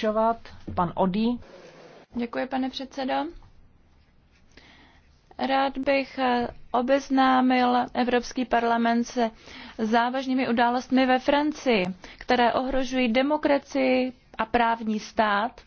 pokračovat. Pan Odí. Děkuji, pane předsedo. Rád bych eh, obeznámil Evropský parlament se závažnými událostmi ve Francii, které ohrožují demokracii a právní stát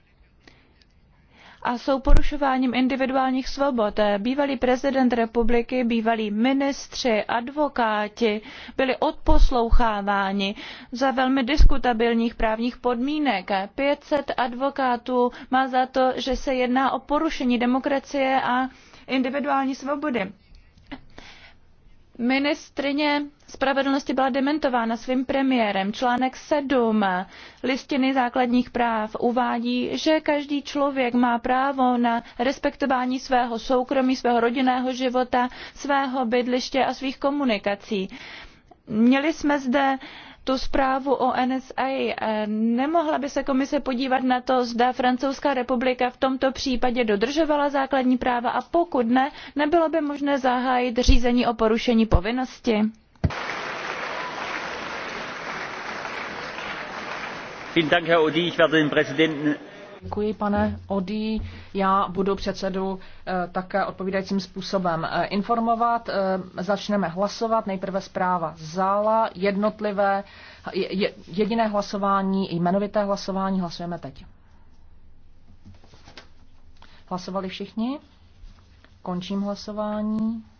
a jsou porušováním individuálních svobod. Bývalý prezident republiky, bývalí ministři, advokáti byli odposloucháváni za velmi diskutabilních právních podmínek. 500 advokátů má za to, že se jedná o porušení demokracie a individuální svobody Ministrině spravedlnosti byla dementována svým premiérem. Článek 7 listiny základních práv uvádí, že každý člověk má právo na respektování svého soukromí, svého rodinného života, svého bydliště a svých komunikací. Měli jsme zde tu zprávu o NSA. Eh, nemohla by se komise podívat na to, zda Francouzská republika v tomto případě dodržovala základní práva a pokud ne, nebylo by možné zahájit řízení o porušení povinnosti? Děkuji, pane Odí. Já budu předsedu eh, také odpovídajícím způsobem eh, informovat. Eh, začneme hlasovat. Nejprve zpráva zála, jednotlivé, jediné hlasování, jmenovité hlasování. Hlasujeme teď. Hlasovali všichni? Končím hlasování.